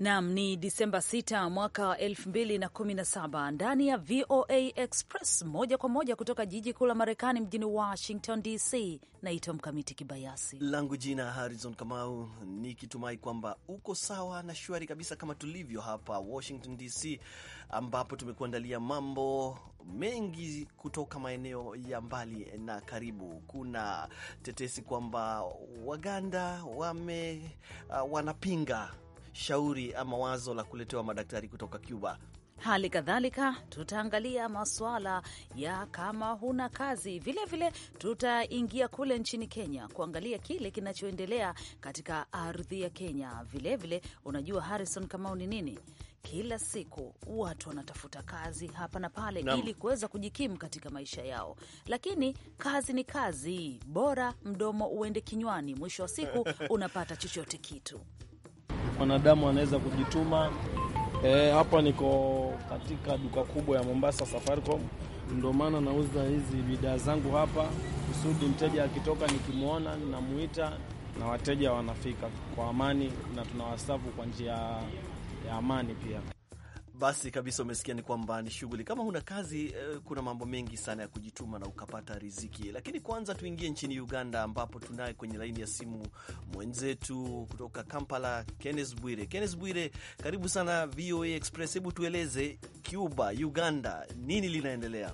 Nam ni Disemba 6 mwaka 2017 ndani ya VOA Express moja kwa moja kutoka jiji kuu la Marekani, mjini Washington DC. Naitwa Mkamiti Kibayasi, langu jina Harrison Kamau, nikitumai kwamba uko sawa na shwari kabisa kama tulivyo hapa Washington DC, ambapo tumekuandalia mambo mengi kutoka maeneo ya mbali na karibu. Kuna tetesi kwamba Waganda wame uh, wanapinga shauri ama wazo la kuletewa madaktari kutoka Cuba. Hali kadhalika tutaangalia masuala ya kama huna kazi, vilevile tutaingia kule nchini Kenya kuangalia kile kinachoendelea katika ardhi ya Kenya. Vilevile vile, unajua Harrison Kamau, ni nini kila siku watu wanatafuta kazi hapa na pale no. ili kuweza kujikimu katika maisha yao, lakini kazi ni kazi, bora mdomo uende kinywani, mwisho wa siku unapata chochote kitu wanadamu wanaweza kujituma. E, hapa niko katika duka kubwa ya Mombasa Safaricom, ndio maana nauza hizi bidhaa zangu hapa kusudi mteja akitoka nikimwona ninamuita na wateja wanafika kwa amani na tunawasafu kwa njia ya amani pia. Basi kabisa, umesikia ni kwamba ni shughuli kama huna kazi, eh, kuna mambo mengi sana ya kujituma na ukapata riziki. Lakini kwanza tuingie nchini Uganda, ambapo tunaye kwenye laini ya simu mwenzetu kutoka Kampala, Kenneth Bwire. Kenneth Bwire, karibu sana VOA Express. Hebu tueleze Cuba, Uganda, nini linaendelea?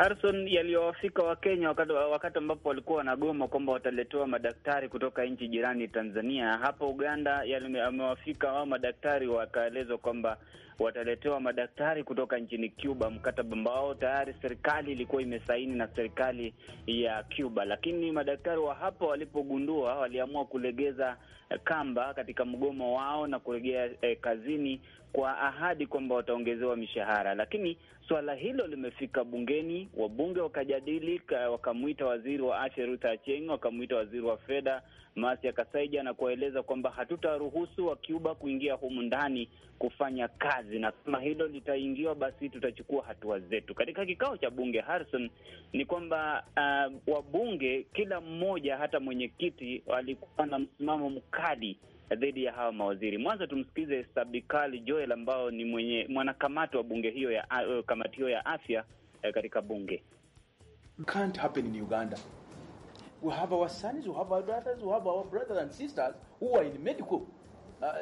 Harrison, yaliyowafika Wakenya wakati wakati ambapo walikuwa wanagoma kwamba wataletewa madaktari kutoka nchi jirani Tanzania. Hapa Uganda yamewafika wao madaktari, wakaelezwa kwamba wataletewa madaktari kutoka nchini Cuba, mkataba ambao tayari serikali ilikuwa imesaini na serikali ya Cuba. Lakini madaktari wa hapo walipogundua, waliamua kulegeza kamba katika mgomo wao na kurejea eh, kazini kwa ahadi kwamba wataongezewa mishahara, lakini Swala hilo limefika bungeni, wabunge wakajadili, wakamwita waziri wa afya Ruth Acheng, wakamwita waziri wa fedha Masia Kasaija na kuwaeleza kwamba hatutaruhusu Wacuba kuingia humu ndani kufanya kazi, na kama hilo litaingiwa, basi tutachukua hatua zetu. Katika kikao cha bunge, Harrison, ni kwamba uh, wabunge kila mmoja, hata mwenyekiti, walikuwa na msimamo mkali dhidi ya hawa mawaziri. Mwanzo tumsikize Sabikali Joel ambao ni mwenye mwanakamati wa bunge hiyo ya uh, kamati hiyo ya afya eh, katika bunge. Can't happen in Uganda. We have our sons, we have our daughters, we have our brothers and sisters who are in medical uh, uh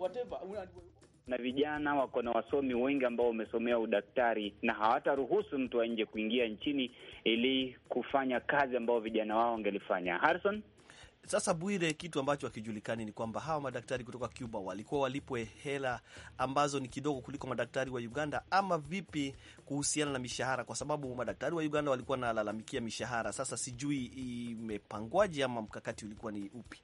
whatever. Na vijana wako na wasomi wengi ambao wamesomea udaktari na hawataruhusu mtu wa nje kuingia nchini ili kufanya kazi ambao vijana wao wangelifanya. Harrison sasa Bwire, kitu ambacho hakijulikani ni kwamba hawa madaktari kutoka Cuba walikuwa walipwe hela ambazo ni kidogo kuliko madaktari wa Uganda ama vipi, kuhusiana na mishahara? Kwa sababu madaktari wa Uganda walikuwa wanalalamikia mishahara. Sasa sijui imepangwaje ama mkakati ulikuwa ni upi?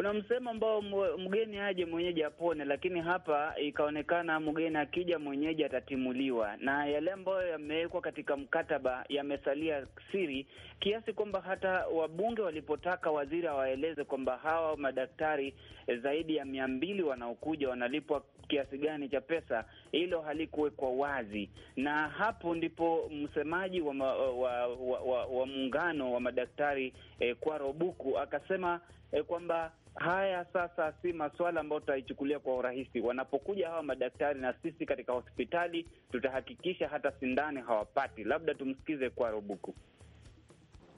Kuna msemo ambao mgeni aje mwenyeji apone, lakini hapa ikaonekana mgeni akija mwenyeji atatimuliwa, na yale ambayo yamewekwa katika mkataba yamesalia siri kiasi kwamba hata wabunge walipotaka waziri awaeleze kwamba hawa madaktari eh, zaidi ya mia mbili wanaokuja wanalipwa kiasi gani cha pesa, hilo halikuwekwa wazi, na hapo ndipo msemaji wa muungano wa, wa, wa, wa, wa madaktari eh, Kwarobuku akasema eh, kwamba haya sasa si masuala ambayo tutaichukulia kwa urahisi. Wanapokuja hawa madaktari na sisi katika hospitali, tutahakikisha hata sindani hawapati. Labda tumsikize kwa Rubuku.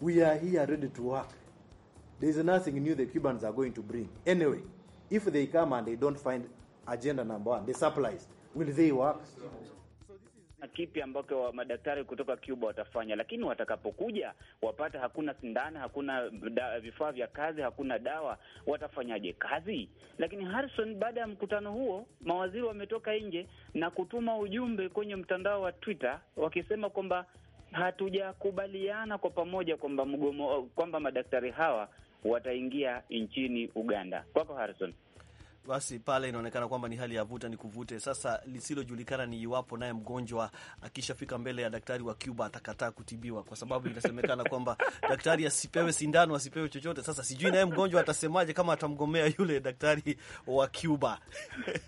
We are here ready to work. There is nothing new the Cubans are going to bring. Anyway, if they come and they don't find agenda number one, the supplies, will they work? kipi ambacho madaktari kutoka Cuba watafanya, lakini watakapokuja wapata hakuna sindano, hakuna vifaa vya kazi, hakuna dawa, watafanyaje kazi? Lakini Harrison, baada ya mkutano huo, mawaziri wametoka nje na kutuma ujumbe kwenye mtandao wa Twitter wakisema kwamba hatujakubaliana kwa pamoja kwamba mgomo, kwamba madaktari hawa wataingia nchini Uganda. Kwako Harrison basi pale inaonekana kwamba ni hali ya vuta ni kuvute. Sasa lisilojulikana ni iwapo naye mgonjwa akishafika mbele ya daktari wa Cuba atakataa kutibiwa, kwa sababu inasemekana kwamba daktari asipewe sindano, asipewe chochote. Sasa sijui naye mgonjwa atasemaje kama atamgomea yule daktari wa Cuba.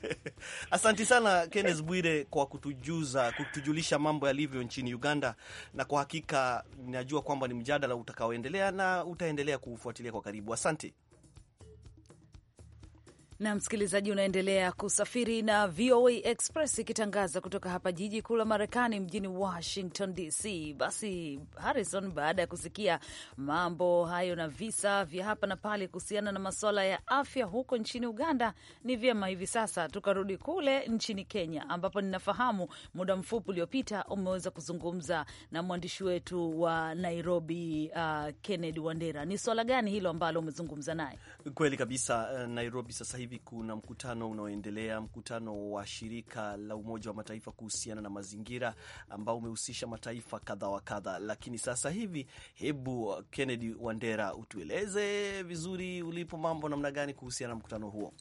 Asanti sana Kenneth Bwire kwa kutujuza, kutujulisha mambo yalivyo nchini Uganda, na kwa hakika najua kwamba ni mjadala utakaoendelea na utaendelea kuufuatilia kwa karibu. Asante na msikilizaji, unaendelea kusafiri na VOA Express ikitangaza kutoka hapa jiji kuu la Marekani, mjini Washington DC. Basi Harrison, baada ya kusikia mambo hayo na visa vya hapa na pale kuhusiana na masuala ya afya huko nchini Uganda, ni vyema hivi sasa tukarudi kule nchini Kenya, ambapo ninafahamu muda mfupi uliopita umeweza kuzungumza na mwandishi wetu wa Nairobi, uh, Kennedy Wandera. Ni swala gani hilo ambalo umezungumza naye? Kweli kabisa, uh, Nairobi sasa hivi kuna mkutano unaoendelea, mkutano wa shirika la Umoja wa Mataifa kuhusiana na mazingira ambao umehusisha mataifa kadha wa kadha. Lakini sasa hivi, hebu Kennedy Wandera, utueleze vizuri ulipo, mambo namna gani kuhusiana na mkutano huo?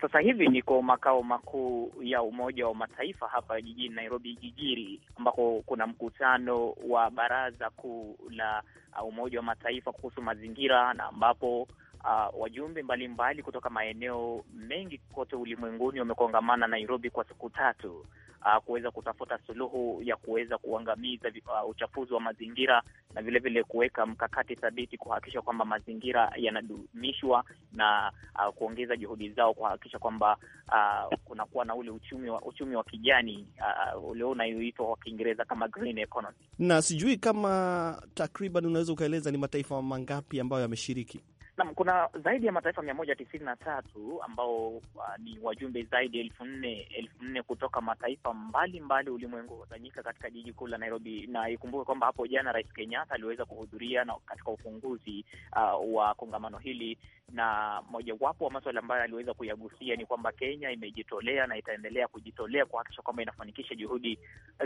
Sasa hivi niko makao makuu ya Umoja wa Mataifa hapa jijini Nairobi jijiri ambako kuna mkutano wa Baraza Kuu la Umoja wa Mataifa kuhusu mazingira, na ambapo uh, wajumbe mbalimbali kutoka maeneo mengi kote ulimwenguni wamekongamana Nairobi kwa siku tatu uh, kuweza kutafuta suluhu ya kuweza kuangamiza uh, uchafuzi wa mazingira na vilevile kuweka mkakati thabiti kuhakikisha kwamba mazingira yanadumishwa na uh, kuongeza juhudi zao kuhakikisha kwamba uh, kunakuwa na ule uchumi wa, uchumi wa kijani uh, ulio unayoitwa kwa Kiingereza kama green economy. Na sijui kama takriban unaweza ukaeleza ni mataifa mangapi ambayo yameshiriki? Naam, kuna zaidi ya mataifa mia moja tisini na tatu ambao uh, ni wajumbe zaidi ya elfu nne elfu nne kutoka mataifa mbalimbali ulimwengu kusanyika katika jiji kuu la Nairobi, na ikumbuke kwamba hapo jana Rais Kenyatta aliweza kuhudhuria na katika ufunguzi uh, wa kongamano hili, na mojawapo wa maswala ambayo aliweza kuyagusia ni kwamba Kenya imejitolea na itaendelea kujitolea kuhakikisha kwamba inafanikisha juhudi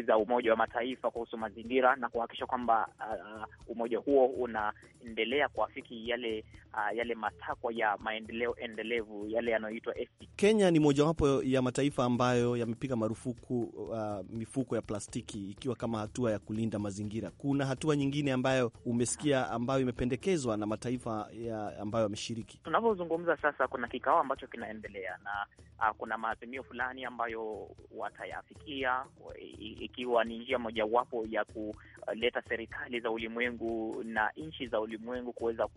za Umoja wa Mataifa kuhusu mazingira na kuhakikisha kwamba uh, uh umoja huo unaendelea kuafiki yale uh, Uh, yale matakwa ya maendeleo endelevu yale yanayoitwa SDG. Kenya ni mojawapo ya mataifa ambayo yamepiga marufuku uh, mifuko ya plastiki ikiwa kama hatua ya kulinda mazingira. Kuna hatua nyingine ambayo umesikia ambayo imependekezwa na mataifa ya ambayo yameshiriki. Tunavyozungumza sasa, kuna kikao ambacho kinaendelea na uh, kuna maazimio fulani ambayo watayafikia ikiwa ni njia mojawapo ya ku leta serikali za ulimwengu na nchi za ulimwengu kuweza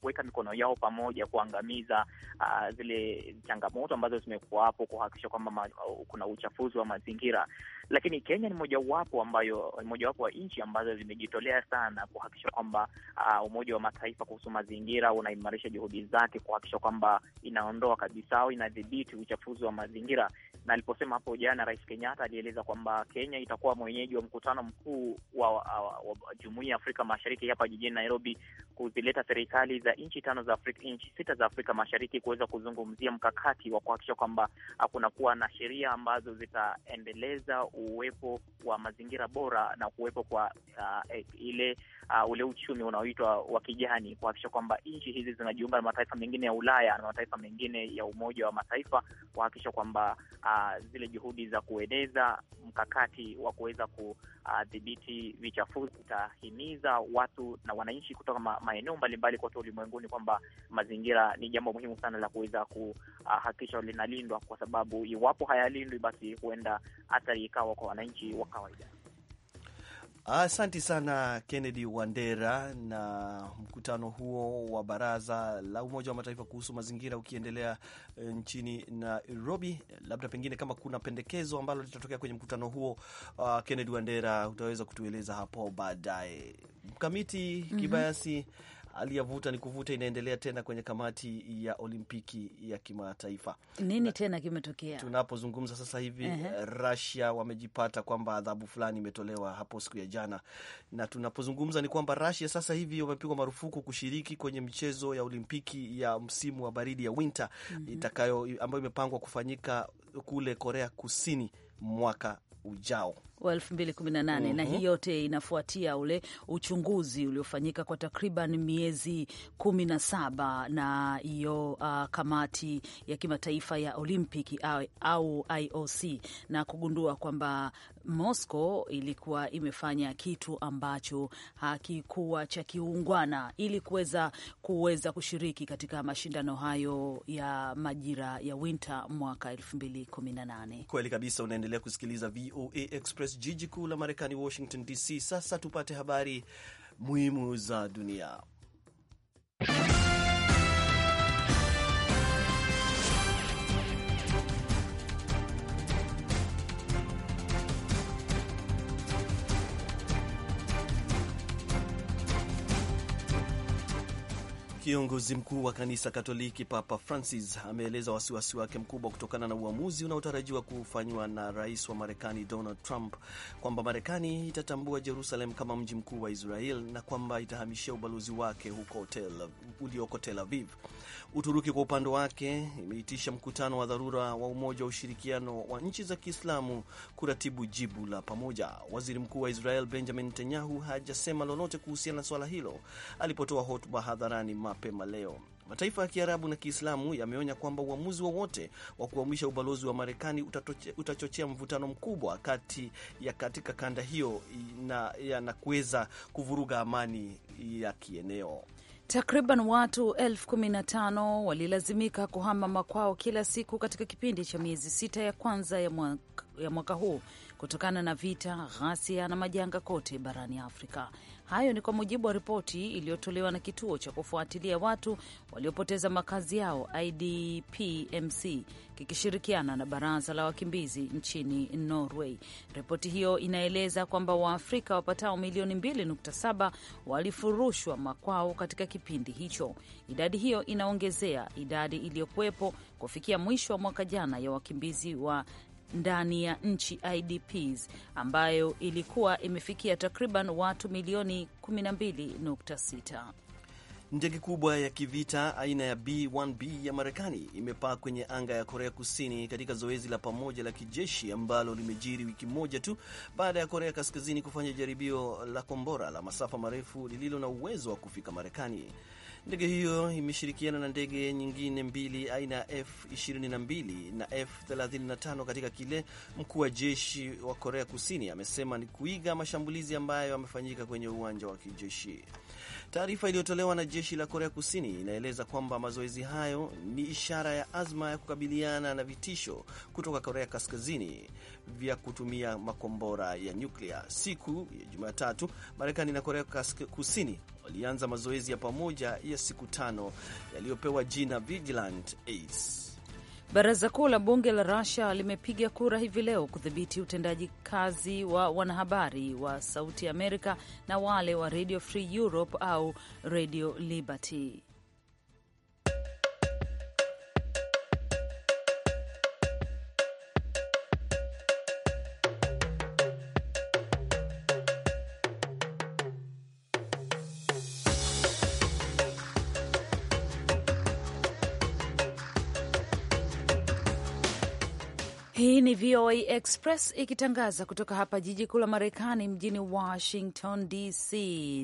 kuweka mikono yao pamoja kuangamiza uh, zile changamoto ambazo zimekuwapo kuhakikisha kwamba kuna uchafuzi wa mazingira. Lakini Kenya ni mojawapo ambayo mojawapo wa nchi ambazo zimejitolea sana kuhakikisha kwamba uh, Umoja wa Mataifa kuhusu mazingira unaimarisha juhudi zake kuhakikisha kwamba inaondoa kabisa au inadhibiti uchafuzi wa mazingira na aliposema hapo jana Rais Kenyatta alieleza kwamba Kenya itakuwa mwenyeji wa mkutano mkuu wa, wa, wa, wa Jumuiya ya Afrika Mashariki hapa jijini Nairobi, kuzileta serikali za nchi tano za Afrika, nchi sita za Afrika Mashariki kuweza kuzungumzia mkakati wa kuhakikisha kwamba kuwa na sheria ambazo zitaendeleza uwepo wa mazingira bora na kuwepo kwa uh, eh, ile uh, ule uchumi unaoitwa wa kijani, kuhakikisha kwamba nchi hizi zinajiunga na mataifa mengine ya Ulaya na mataifa mengine ya Umoja wa Mataifa kuhakikisha kwamba uh, zile juhudi za kueneza mkakati wa kuweza kudhibiti uh, vichafuzi utahimiza watu na wananchi kutoka ma maeneo mbalimbali kote ulimwenguni kwamba mazingira ni jambo muhimu sana la kuweza kuhakikisha linalindwa, kwa sababu iwapo hayalindwi, basi huenda athari ikawa kwa wananchi wa kawaida asanti sana Kennedy Wandera. Na mkutano huo wa baraza la Umoja wa Mataifa kuhusu mazingira ukiendelea eh, nchini Nairobi, labda pengine kama kuna pendekezo ambalo litatokea kwenye mkutano huo, uh, Kennedy Wandera, utaweza kutueleza hapo baadaye. Mkamiti mhm. Kibayasi, mm -hmm hali ya vuta ni kuvuta inaendelea tena kwenye kamati ya Olimpiki ya kimataifa. Nini tena kimetokea? Tunapozungumza sasa hivi, uh eh, -huh. Russia wamejipata kwamba adhabu fulani imetolewa hapo siku ya jana, na tunapozungumza ni kwamba Russia sasa hivi wamepigwa marufuku kushiriki kwenye michezo ya Olimpiki ya msimu wa baridi ya winter, uh mhm. -huh. itakayo ambayo imepangwa kufanyika kule Korea Kusini mwaka ujao wa elfu mbili kumi Na hii mhm. yote inafuatia ule uchunguzi uliofanyika kwa takriban miezi kumi na saba na hiyo uh, kamati ya kimataifa ya Olympic au IOC na kugundua kwamba Moscow ilikuwa imefanya kitu ambacho hakikuwa cha kiungwana ili kuweza kuweza kushiriki katika mashindano hayo ya majira ya winter mwaka 2018. Kweli kabisa, unaendelea kusikiliza VOA Express, jiji kuu la Marekani, Washington DC. Sasa tupate habari muhimu za dunia. Kiongozi mkuu wa kanisa Katoliki Papa Francis ameeleza wasiwasi wake mkubwa kutokana na uamuzi unaotarajiwa kufanywa na rais wa Marekani Donald Trump kwamba Marekani itatambua Jerusalem kama mji mkuu wa Israel na kwamba itahamishia ubalozi wake huko Tel, ulioko Tel Aviv. Uturuki kwa upande wake imeitisha mkutano wa dharura wa Umoja wa Ushirikiano wa Nchi za Kiislamu kuratibu jibu la pamoja. Waziri mkuu wa Israel Benjamin Netanyahu hajasema lolote kuhusiana na swala hilo alipotoa hotuba hadharani mapema leo. Mataifa ya Kiarabu na Kiislamu yameonya kwamba uamuzi wowote wa kuamisha ubalozi wa Marekani utachochea mvutano mkubwa kati ya katika kanda hiyo na, na kuweza kuvuruga amani ya kieneo. Takriban watu elfu kumi na tano walilazimika kuhama makwao kila siku katika kipindi cha miezi sita ya kwanza ya mwaka, ya mwaka huu kutokana na vita, ghasia na majanga kote barani Afrika. Hayo ni kwa mujibu wa ripoti iliyotolewa na kituo cha kufuatilia watu waliopoteza makazi yao IDPMC kikishirikiana na baraza la wakimbizi nchini Norway. Ripoti hiyo inaeleza kwamba Waafrika wapatao milioni 2.7 walifurushwa makwao katika kipindi hicho. Idadi hiyo inaongezea idadi iliyokuwepo kufikia mwisho wa mwaka jana ya wakimbizi wa ndani ya nchi IDPs ambayo ilikuwa imefikia takriban watu milioni 12.6. Ndege kubwa ya kivita aina ya B1B ya Marekani imepaa kwenye anga ya Korea Kusini katika zoezi la pamoja la kijeshi ambalo limejiri wiki moja tu baada ya Korea Kaskazini kufanya jaribio la kombora la masafa marefu lililo na uwezo wa kufika Marekani. Ndege hiyo imeshirikiana na ndege nyingine mbili aina ya F22 na F35 katika kile mkuu wa jeshi wa Korea Kusini amesema ni kuiga mashambulizi ambayo yamefanyika kwenye uwanja wa kijeshi. Taarifa iliyotolewa na jeshi la Korea Kusini inaeleza kwamba mazoezi hayo ni ishara ya azma ya kukabiliana na vitisho kutoka Korea Kaskazini vya kutumia makombora ya nyuklia. Siku ya Jumatatu, Marekani na Korea Kusini walianza mazoezi ya pamoja ya siku tano yaliyopewa jina Vigilant Ace. Baraza kuu la bunge la Russia limepiga kura hivi leo kudhibiti utendaji kazi wa wanahabari wa Sauti Amerika na wale wa Radio Free Europe au Radio Liberty. Hii ni VOA Express ikitangaza kutoka hapa jiji kuu la Marekani, mjini Washington DC.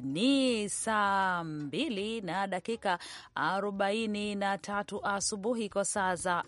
Ni saa mbili na dakika arobaini na tatu asubuhi kwa saa za,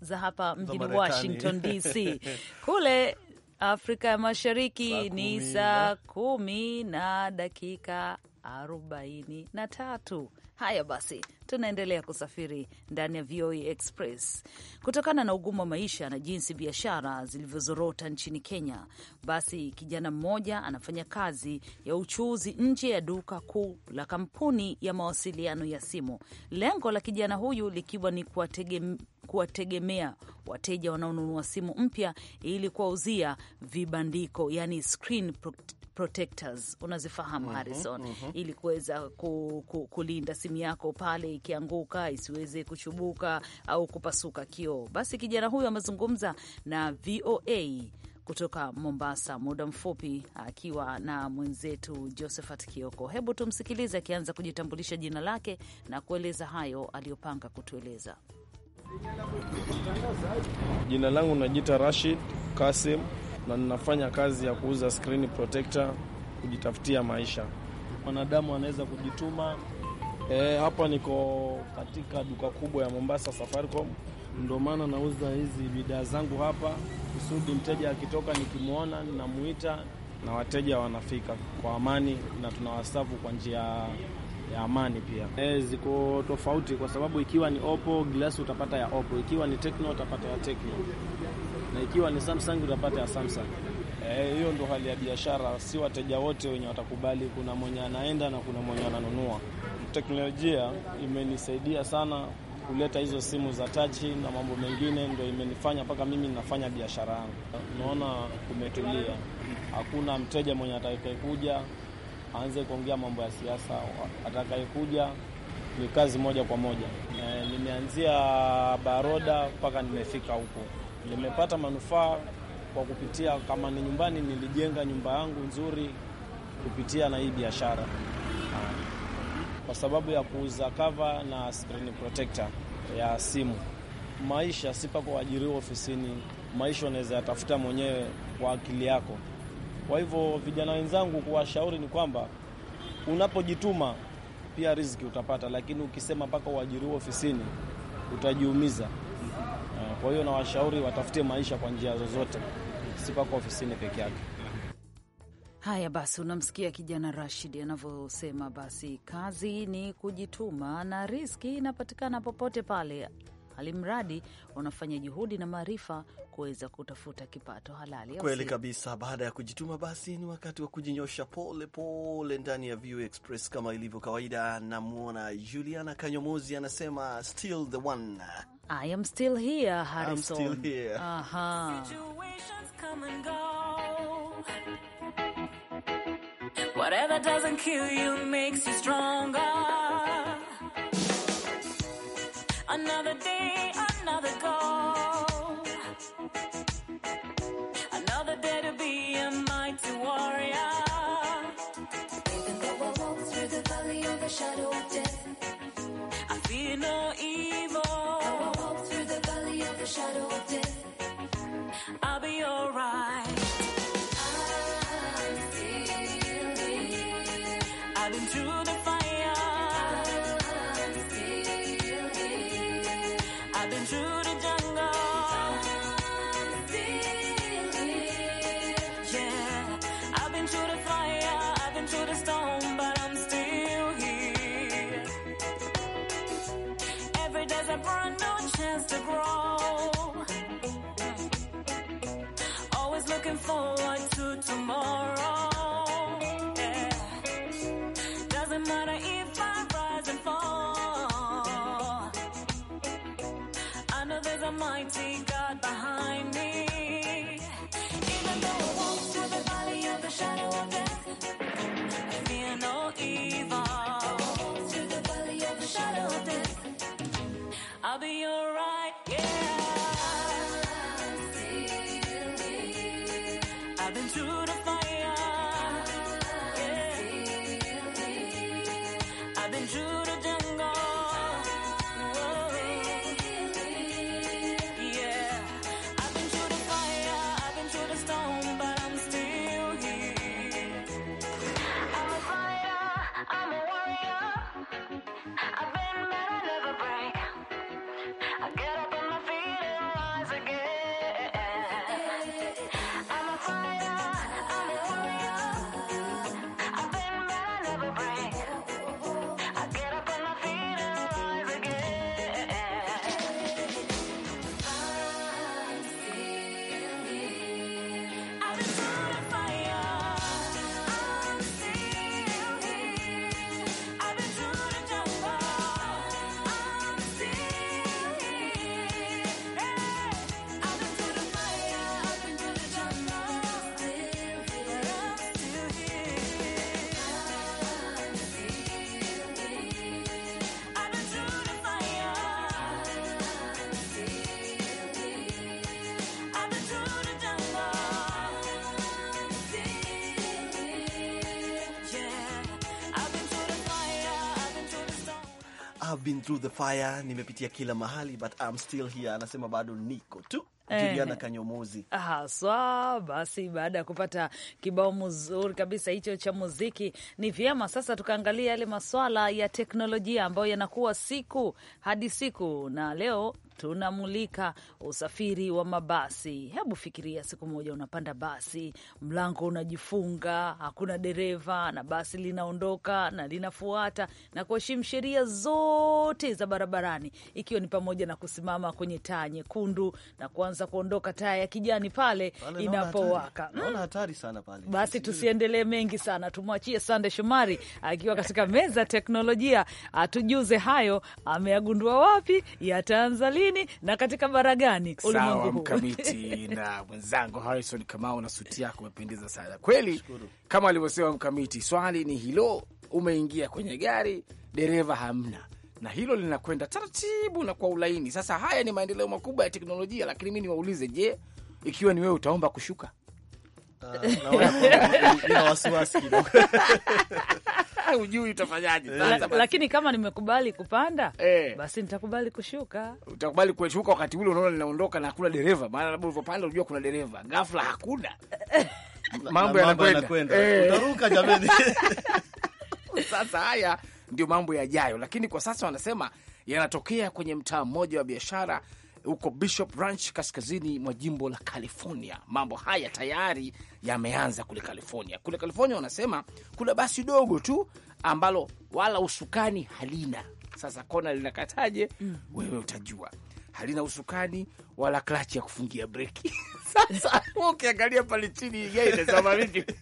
za hapa mjini Washington DC. Kule Afrika ya Mashariki ni saa kumi na dakika arobaini na tatu. Haya basi, tunaendelea kusafiri ndani ya VOA e Express. Kutokana na ugumu wa maisha na jinsi biashara zilivyozorota nchini Kenya, basi kijana mmoja anafanya kazi ya uchuuzi nje ya duka kuu la kampuni ya mawasiliano ya simu, lengo la kijana huyu likiwa ni kuwategemea kuwategemea wateja wanaonunua simu mpya ili kuwauzia vibandiko, yani screen protectors, unazifahamu mm -hmm, mm -hmm. ili kuweza ku, ku, kulinda simu yako pale ikianguka isiweze kuchubuka au kupasuka kioo. Basi kijana huyo amezungumza na VOA kutoka Mombasa muda mfupi akiwa na mwenzetu Josephat Kioko. Hebu tumsikilize akianza kujitambulisha jina lake na kueleza hayo aliyopanga kutueleza. Jina langu najita Rashid Kasim na ninafanya kazi ya kuuza screen protector kujitafutia maisha. Mwanadamu anaweza kujituma E, hapa niko katika duka kubwa ya Mombasa Safaricom, ndio maana nauza hizi bidhaa zangu hapa kusudi mteja akitoka nikimwona namuita na wateja wanafika kwa amani na tunawasavu kwa njia ya amani pia. E, ziko tofauti kwa sababu ikiwa ni Oppo glasi utapata ya Oppo, ikiwa ni Tecno utapata ya Tecno, na ikiwa ni Samsung utapata ya Samsung. Eh, hiyo e, ndo hali ya biashara, si wateja wote wenye watakubali. Kuna mwenye anaenda na kuna mwenye ananunua teknolojia imenisaidia sana kuleta hizo simu za tachi na mambo mengine, ndo imenifanya mpaka mimi nafanya biashara yangu. Unaona, kumetulia, hakuna mteja mwenye atakayekuja aanze kuongea mambo ya siasa. Atakayekuja ni kazi moja kwa moja. E, nimeanzia baroda mpaka nimefika huku, nimepata manufaa kwa kupitia, kama ni nyumbani, nilijenga nyumba yangu nzuri kupitia na hii biashara kwa sababu ya kuuza cover na screen protector ya simu. Maisha si pa kuajiriwa ofisini, maisha unaweza yatafuta mwenyewe kwa akili yako. Kwa hivyo vijana wenzangu, kuwashauri ni kwamba unapojituma pia riziki utapata, lakini ukisema mpaka uajiriwe ofisini utajiumiza. Kwa hiyo nawashauri watafutie maisha kwa njia zozote, si mpaka ofisini peke yake. Haya basi, unamsikia kijana Rashid anavyosema. Basi kazi ni kujituma na riski inapatikana popote pale, mradi unafanya juhudi na maarifa kuweza kutafuta kipato halali. Kweli kabisa. Baada ya kujituma, basi ni wakati wa kujinyosha pole pole ndani ya VOA Express kama ilivyo kawaida. Namwona Juliana Kanyomozi anasema still the one. I am still here, Harrison. I'm still here. Aha. Whatever doesn't kill you makes you stronger. Another day. God. been through the fire, nimepitia kila mahali but I'm still here. Anasema bado niko tu eh. Juliana Kanyomozi haswa. Basi baada ya kupata kibao mzuri kabisa hicho cha muziki, ni vyema sasa tukaangalia yale maswala ya teknolojia ambayo yanakuwa siku hadi siku, na leo tunamulika usafiri wa mabasi. Hebu fikiria siku moja unapanda basi, mlango unajifunga, hakuna dereva, na basi linaondoka na linafuata na kuheshimu sheria zote za barabarani, ikiwa ni pamoja na kusimama kwenye taa nyekundu na kuanza kuondoka taa ya kijani pale inapowaka. Hatari sana pale. Basi tusiendelee mengi sana, tumwachie Sande Shomari akiwa katika meza ya teknolojia atujuze hayo ameyagundua wapi ya Tanzania lini na katika bara gani ulimwengu huu. Mkamiti na mwenzangu Harrison Kamau, na suti yako umependeza sana kweli. Shukuru. Kama alivyosema Mkamiti, swali ni hilo, umeingia kwenye gari, dereva hamna na hilo linakwenda taratibu na kwa ulaini. Sasa haya ni maendeleo makubwa ya teknolojia, lakini mi niwaulize, je, ikiwa ni wewe utaomba kushuka? Uh, na wasiwasi kidogo Ujui utafanyaje eh. Lakini kama nimekubali kupanda eh, basi nitakubali kushuka. Utakubali kushuka wakati ule unaona linaondoka na hakuna dereva, maana labda ulivyopanda unajua kuna dereva, ghafla hakuna mambo yanakwenda eh, utaruka jamani. Sasa haya ndio mambo yajayo, lakini kwa sasa wanasema yanatokea kwenye mtaa mmoja wa biashara huko Bishop Ranch kaskazini mwa jimbo la California. Mambo haya tayari yameanza kule California. Kule California wanasema kuna basi dogo tu ambalo wala usukani halina. Sasa kona linakataje? mm. Wewe utajua halina usukani wala klachi ya kufungia breki. Sasa ukiangalia pale chini inasema vipi?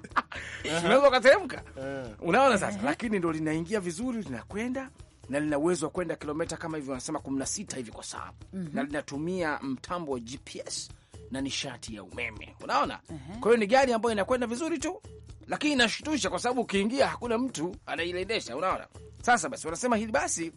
unaweza ukateremka, eh. unaona sasa, eh. lakini ndo linaingia vizuri, linakwenda na lina uwezo wa kwenda kilomita kama hivyo wanasema 16 hivi kwa saa mm -hmm. na linatumia mtambo wa GPS na nishati ya umeme, unaona uh -huh. Kwa hiyo ni gari ambayo inakwenda vizuri tu, lakini inashtusha kwa sababu ukiingia hakuna mtu anaiendesha, unaona. Sasa basi wanasema hili basi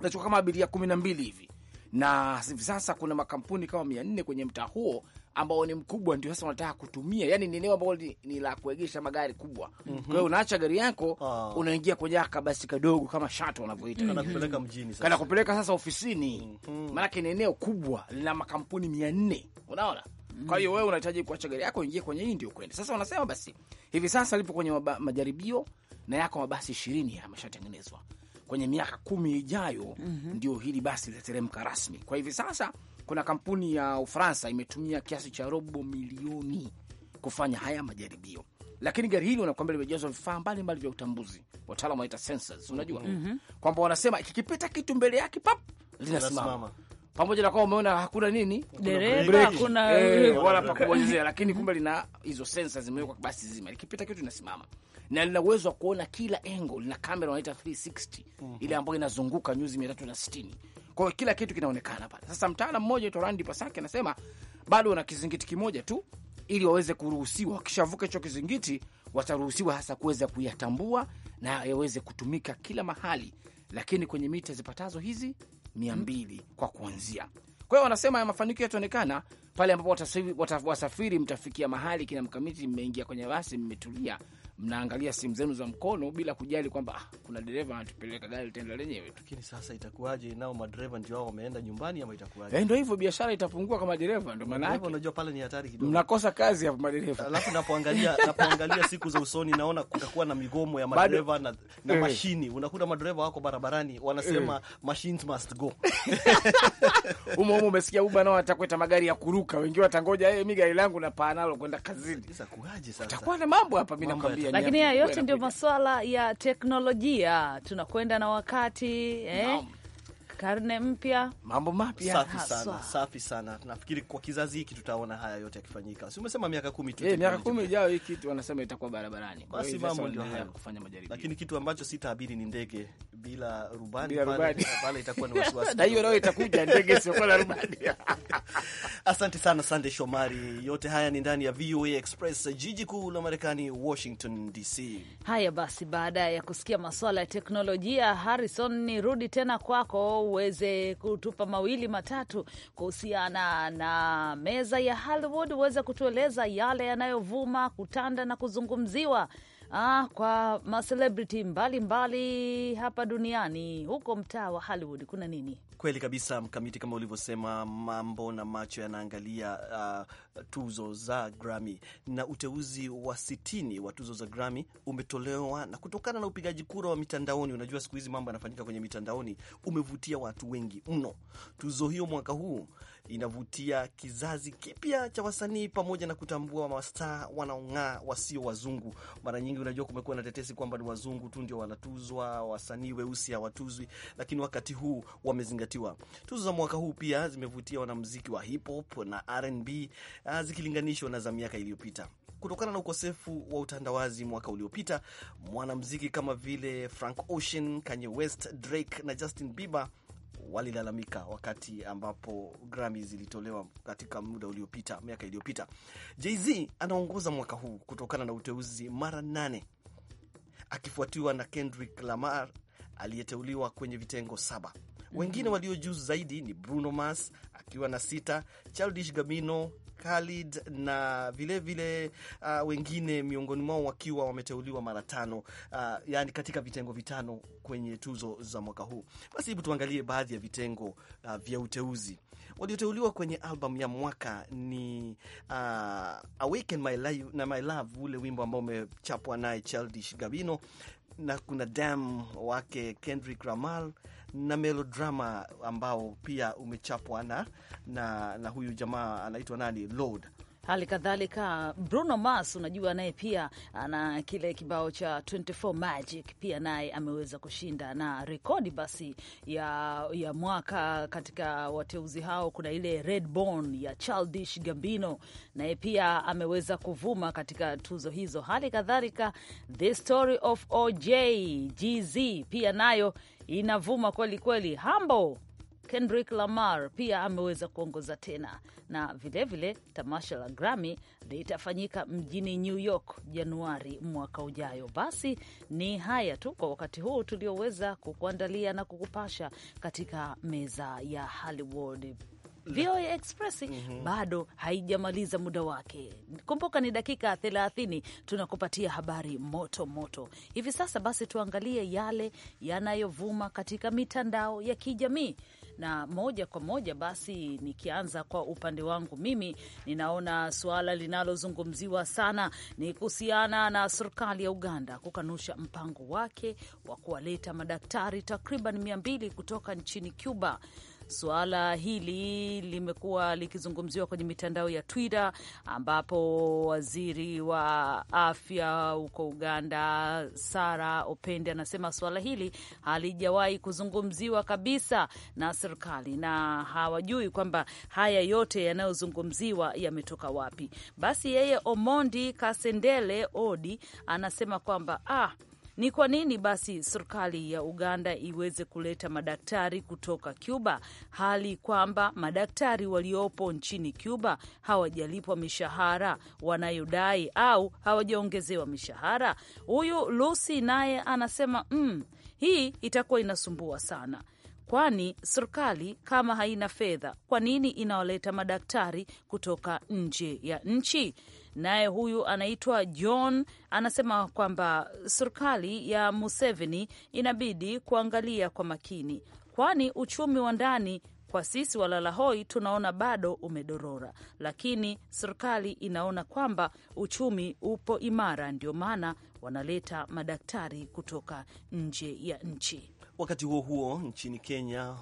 nachukua kama abiria kumi na mbili hivi na hivi sasa kuna makampuni kama mia nne kwenye mtaa huo ambao ni mkubwa, ndio sasa unataka kutumia. Yani ni eneo ambalo ni la kuegesha magari kubwa. mm -hmm. Kwa hiyo unaacha gari yako ah. unaingia kwenye kabasi kadogo kama shato wanavyoita, kana kupeleka mjini sasa, kana kupeleka sasa ofisini. mm -hmm. Maanake ni eneo kubwa, lina makampuni mia nne unaona mhm. kwa hiyo wewe unahitaji kuacha gari yako ingie kwenye hii ndio kwenda sasa. Wanasema basi hivi sasa lipo kwenye majaribio na yako mabasi ishirini yameshatengenezwa kwenye miaka kumi ijayo, mm -hmm. ndio hili basi litateremka rasmi. Kwa hivi sasa kuna kampuni ya Ufaransa imetumia kiasi cha robo milioni kufanya haya majaribio, lakini gari hili wanakwambia limejazwa vifaa mbalimbali vya utambuzi, wataalam wanaita sensors, unajua mm -hmm. kwamba wanasema kikipita kitu mbele yake pap linasimama pamoja na kwamba umeona hakuna nini hakuna e, wala pakuonzea lakini kumbe lina hizo sensa zimewekwa basi zima, likipita kitu inasimama na lina uwezo wa kuona kila engo, lina kamera wanaita 360 mhm. ile ambayo inazunguka nyuzi mia tatu na sitini kwa kila kitu kinaonekana pale. Sasa mtaala mmoja aitwa Randi Pasake anasema bado wana kizingiti kimoja tu ili waweze kuruhusiwa. Wakishavuka hicho kizingiti, wataruhusiwa hasa kuweza kuyatambua na yaweze kutumika kila mahali, lakini kwenye mita zipatazo hizi mia mbili kwa kuanzia. Kwa hiyo wanasema ya mafanikio yataonekana pale ambapo wasafiri mtafikia mahali kina mkamiti, mmeingia kwenye basi, mmetulia, mnaangalia simu zenu za mkono bila kujali kwamba ah, kuna dereva anatupeleka, gari litaenda lenyewe. Lakini sasa itakuwaje? Nao madereva ndio wao wameenda nyumbani ama itakuwaje? Eh, ndio hivyo, biashara itapungua kwa madereva. Ndio maana yake, unajua pale ni hatari kidogo, mnakosa kazi hapo madereva. Alafu napoangalia napoangalia siku za usoni naona kutakuwa na migomo ya madereva na, na eh. mashini. Unakuta madereva wako barabarani wanasema eh. machines must go umo umo. Umesikia uba nao atakweta magari ya kuruka, wengine watangoja, eh, hey, mimi gari langu napaa nalo kwenda kazini. Sasa kuaje? Sasa tutakuwa na mambo hapa, mimi nakwambia lakini haya yote ndio maswala ya teknolojia, tunakwenda na wakati eh karne mpya, mambo mapya. Safi sana, safi sana. Tunafikiri kwa kizazi hiki tutaona haya yote yakifanyika, si umesema miaka kumi tu, eh, miaka kumi ijayo hii kitu wanasema itakuwa barabarani. Basi mambo ndio haya kufanya majaribio, lakini kitu ambacho sitaabiri ni ndege bila rubani pale, itakuwa ni wasiwasi, na hiyo nayo itakuja ndege sio kwa rubani. Asante sana Sande Shomari, yote haya ni ndani ya VOA Express, jiji kuu la Marekani, Washington DC. Haya basi, baada ya kusikia masuala ya teknolojia, Harrison, nirudi tena kwako uweze kutupa mawili matatu kuhusiana na meza ya Hollywood, uweze kutueleza yale yanayovuma kutanda na kuzungumziwa ah, kwa macelebrity mbalimbali hapa duniani. Huko mtaa wa Hollywood kuna nini? Kweli kabisa Mkamiti, kama ulivyosema, mambo na macho yanaangalia uh, tuzo za Grammy na uteuzi wa sitini wa tuzo za Grammy umetolewa na kutokana na upigaji kura wa mitandaoni. Unajua siku hizi mambo yanafanyika kwenye mitandaoni, umevutia watu wengi mno. Tuzo hiyo mwaka huu inavutia kizazi kipya cha wasanii pamoja na kutambua mastaa wanaong'aa wasio wazungu. Mara nyingi, unajua, kumekuwa na tetesi kwamba ni wazungu tu ndio wanatuzwa, wasanii weusi hawatuzwi, lakini wakati huu wamezingatiwa. Tuzo za mwaka huu pia zimevutia wanamuziki wa hip hop na R&B ah, zikilinganishwa na za miaka iliyopita. Kutokana na ukosefu wa utandawazi mwaka uliopita, mwanamuziki kama vile Frank Ocean, Kanye West, Drake na Justin Bieber walilalamika wakati ambapo Grammy zilitolewa katika muda uliopita, miaka iliyopita. Jay-Z anaongoza mwaka huu kutokana na uteuzi mara nane, akifuatiwa na Kendrick Lamar aliyeteuliwa kwenye vitengo saba. Wengine mm-hmm. walio juu zaidi ni Bruno Mars akiwa na sita, Childish Gambino Khalid na vilevile vile, uh, wengine miongoni mwao wakiwa wameteuliwa mara tano uh, yani katika vitengo vitano kwenye tuzo za mwaka huu. Basi hebu tuangalie baadhi ya vitengo uh, vya uteuzi. Walioteuliwa kwenye albamu ya mwaka ni uh, Awaken My Life na My Love, ule wimbo ambao umechapwa naye Childish Gambino, na kuna Damn wake Kendrick Lamar na melodrama ambao pia umechapwa na, na, na huyu jamaa anaitwa nani Lord Hali kadhalika Bruno Mars, unajua naye pia ana kile kibao cha 24 Magic, pia naye ameweza kushinda na rekodi basi ya, ya mwaka. Katika wateuzi hao kuna ile Redbone ya Childish Gambino, naye pia ameweza kuvuma katika tuzo hizo. Hali kadhalika The Story of OJ GZ pia nayo inavuma kweli kweli. Humble Kendrick Lamar pia ameweza kuongoza tena, na vilevile vile, tamasha la Grammy litafanyika mjini New York Januari mwaka ujayo. Basi ni haya tu kwa wakati huu tulioweza kukuandalia na kukupasha katika meza ya Hollywood. VOA Express mm -hmm. bado haijamaliza muda wake. Kumbuka ni dakika 30 tunakupatia habari moto moto hivi sasa. Basi tuangalie yale yanayovuma katika mitandao ya kijamii na moja kwa moja basi, nikianza kwa upande wangu mimi, ninaona suala linalozungumziwa sana ni kuhusiana na serikali ya Uganda kukanusha mpango wake wa kuwaleta madaktari takriban mia mbili kutoka nchini Cuba Suala hili limekuwa likizungumziwa kwenye mitandao ya Twitter, ambapo waziri wa afya huko Uganda Sara Opende anasema suala hili halijawahi kuzungumziwa kabisa na serikali na hawajui kwamba haya yote yanayozungumziwa yametoka wapi. Basi yeye Omondi Kasendele Odi anasema kwamba ah, ni kwa nini basi serikali ya Uganda iweze kuleta madaktari kutoka Cuba, hali kwamba madaktari waliopo nchini Cuba hawajalipwa mishahara wanayodai au hawajaongezewa mishahara? Huyu Lucy naye anasema mm, hii itakuwa inasumbua sana. Kwani serikali kama haina fedha, kwa nini inawaleta madaktari kutoka nje ya nchi? Naye huyu anaitwa John anasema kwamba serikali ya Museveni inabidi kuangalia kwa makini, kwani uchumi wa ndani kwa sisi walala hoi tunaona bado umedorora, lakini serikali inaona kwamba uchumi upo imara, ndio maana wanaleta madaktari kutoka nje ya nchi. Wakati huo huo nchini Kenya,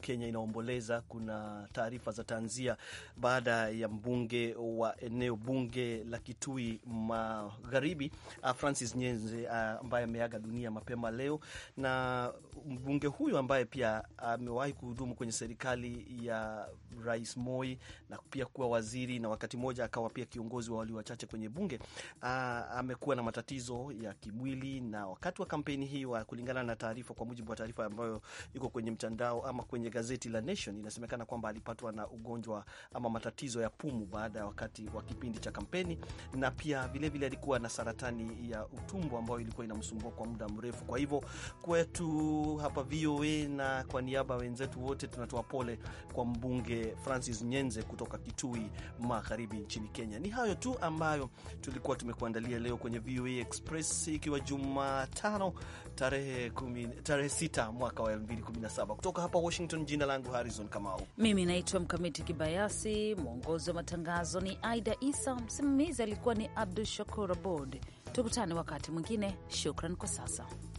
Kenya inaomboleza. Kuna taarifa za tanzia baada ya mbunge wa eneo bunge la Kitui Magharibi ah, Francis Nyenze ah, ambaye ameaga dunia mapema leo, na mbunge huyu ambaye pia amewahi kuhudumu kwenye serikali ya Rais Moi na pia kuwa waziri na wakati mmoja akawa pia kiongozi wa walio wachache kwenye bunge, ah, amekuwa na matatizo ya kimwili na wakati wa kampeni hii, kulingana na taarifa kwa mujibu taarifa ambayo iko kwenye mtandao ama kwenye gazeti la Nation, inasemekana kwamba alipatwa na ugonjwa ama matatizo ya pumu baada ya wakati wa kipindi cha kampeni, na pia vilevile vile alikuwa na saratani ya utumbo ambayo ilikuwa inamsumbua kwa muda mrefu. Kwa hivyo kwetu hapa VOA na kwa niaba ya wenzetu wote tunatoa pole kwa mbunge Francis Nyenze kutoka Kitui Magharibi nchini Kenya. Ni hayo tu ambayo tulikuwa tumekuandalia leo kwenye VOA Express, ikiwa Jumatano tarehe kumi, tarehe 6 mwaka wa 2017. Kutoka hapa Washington, jina langu Harrison Kamau. Mimi naitwa Mkamiti Kibayasi. Mwongozi wa matangazo ni Aida Isa, msimamizi alikuwa ni Abdul Shakur Abod. Tukutane wakati mwingine. Shukran kwa sasa.